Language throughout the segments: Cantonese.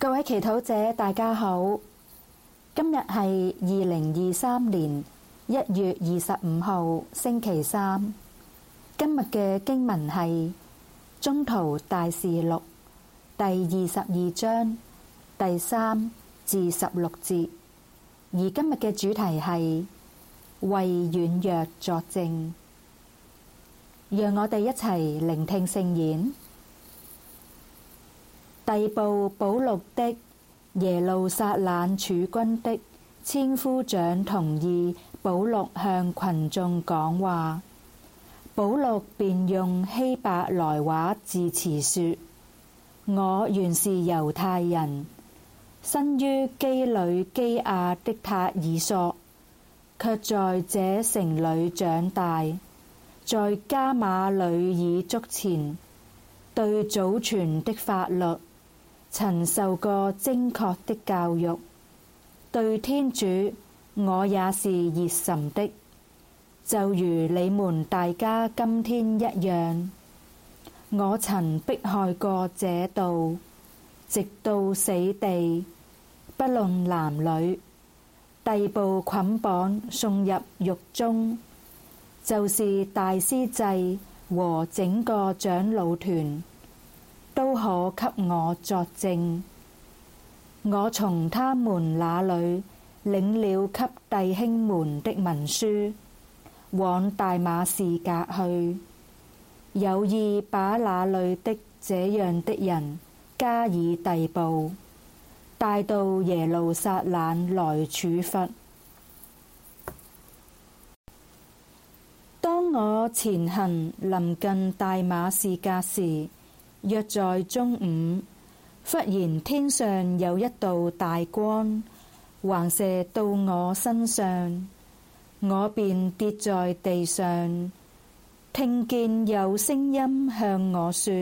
各位祈禱者，大家好。今日係二零二三年一月二十五號，星期三。今日嘅經文係《宗徒大事錄》第二十二章第三至十六節，而今日嘅主題係為軟弱作證。讓我哋一齊聆聽聖言。逮捕保祿的耶路撒冷駐軍的千夫長同意保祿向群眾講話。保祿便用希伯來話致辭，說，我原是猶太人，生於基里基雅的塔爾索，卻在這城裏長大，在加瑪裏耳足前，對祖傳的法律。曾受過精確的教育，對天主我也是熱忱的，就如你們大家今天一樣。我曾迫害過這道，直到死地，不論男女，逮捕捆綁送入獄中，就是大司祭和整個長老團，都可給我作證。我從他們那裏領了給弟兄們的文書，往大馬士革去，有意把那裏的這樣的人加以逮捕，帶到耶路撒冷來處罰。當我前行臨近大馬士革時，約在中午，忽然天上有一道大光，環射到我身上，我便跌在地上，聽見有聲音向我說：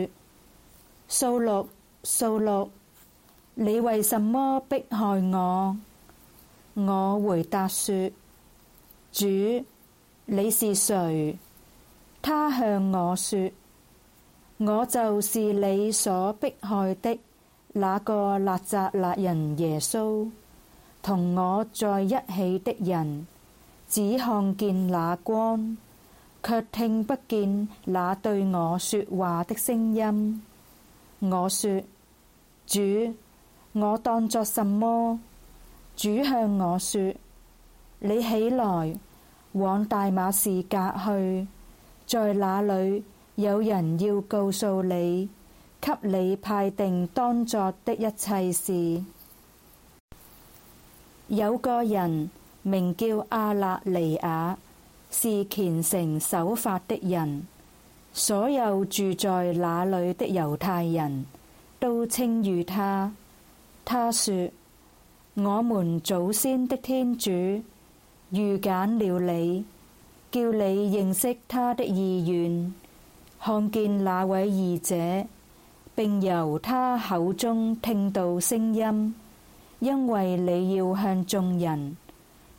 掃祿，掃祿，你為什麼迫害我？我回答說：主，你是誰？他向我說。我就是你所迫害的那個納匝肋人耶穌，同我在一起的人，只看見那光，卻聽不見那對我說話的聲音。我說：“主，我當作什麼？”主向我說：“你起來往大馬士革去，在那裏。”有人要告訴你，給你派定當作的一切事。有個人名叫阿納尼雅，是虔誠守法的人。所有住在那裏的猶太人都稱譽他。他說：我們祖先的天主預簡了你，叫你認識他的意願。看見那位義者，並由他口中聽到聲音，因為你要向眾人，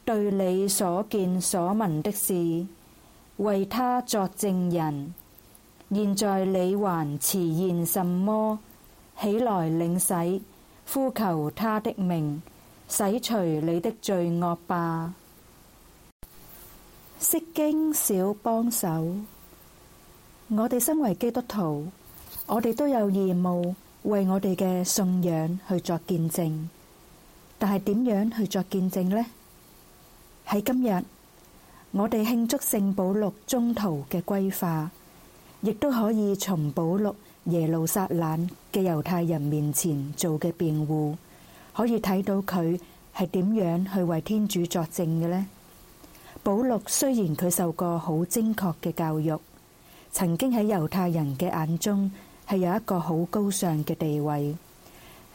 對你所見所聞的事，為他作證人。現在你還遲延什麼？起來領洗，呼求他的名，洗除你的罪惡吧。釋經小幫手。我哋身為基督徒，我哋都有義務為我哋嘅信仰去作見證。但係點樣去作見證呢？喺今日，我哋慶祝聖保祿宗徒嘅歸化，亦都可以從保祿耶路撒冷嘅猶太人面前做嘅辯護，可以睇到佢係點樣去為天主作證嘅呢？保祿雖然佢受過好精確嘅教育。曾經喺猶太人嘅眼中係有一個好高尚嘅地位，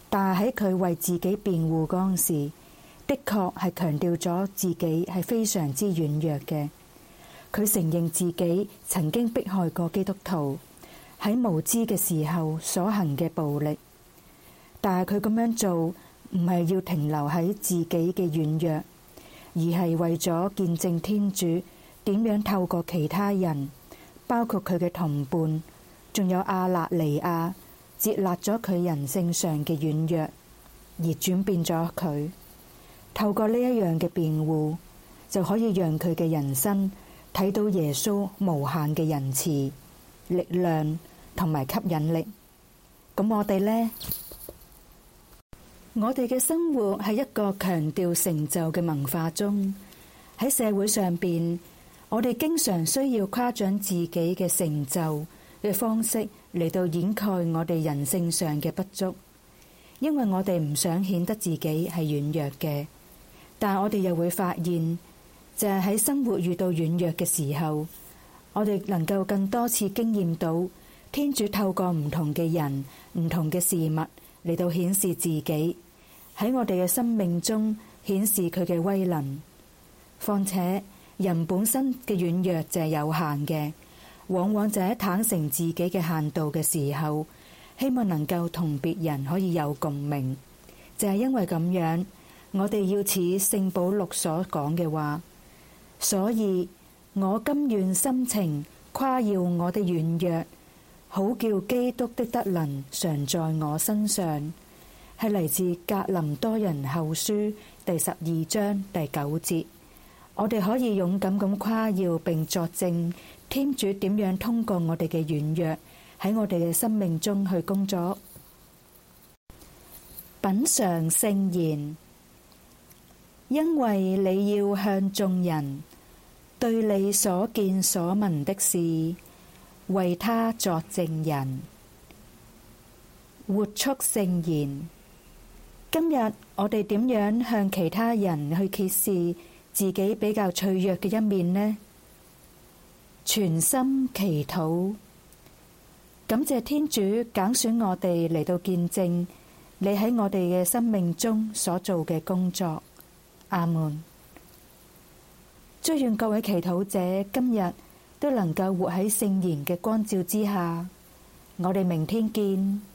但係喺佢為自己辯護嗰陣時，的確係強調咗自己係非常之軟弱嘅。佢承認自己曾經迫害過基督徒，喺無知嘅時候所行嘅暴力，但係佢咁樣做唔係要停留喺自己嘅軟弱，而係為咗見證天主點樣透過其他人。包括佢嘅同伴，仲有阿納尼雅，接納咗佢人性上嘅軟弱，而轉變咗佢。透過呢一樣嘅辯護，就可以讓佢嘅人生睇到耶穌無限嘅仁慈、力量同埋吸引力。咁我哋呢？我哋嘅生活喺一個強調成就嘅文化中，喺社會上邊。我哋經常需要誇獎自己嘅成就嘅方式嚟到掩蓋我哋人性上嘅不足，因為我哋唔想顯得自己係軟弱嘅，但係我哋又會發現就係喺生活遇到軟弱嘅時候，我哋能夠更多次經驗到天主透過唔同嘅人、唔同嘅事物嚟到顯示自己，喺我哋嘅生命中顯示佢嘅威能，況且。人本身嘅軟弱就係有限嘅，往往就喺坦誠自己嘅限度嘅時候，希望能夠同別人可以有共鳴。就係因為咁樣，我哋要似聖保祿所講嘅話，所以我甘願心情誇耀我的軟弱，好叫基督的德能常在我身上。係嚟自格林多人後書第十二章第九節。我哋可以勇敢咁誇耀，並作證，天主點樣通過我哋嘅軟弱喺我哋嘅生命中去工作。品嚐聖言，因為你要向眾人對你所見所聞的事為他作證人，活出聖言。今日我哋點樣向其他人去揭示自己比較脆弱嘅一面呢？全心祈禱，感謝天主揀選我哋嚟到見證你喺我哋嘅生命中所做嘅工作。阿門。祝願各位祈禱者今日都能夠活喺聖言嘅光照之下。我哋明天見。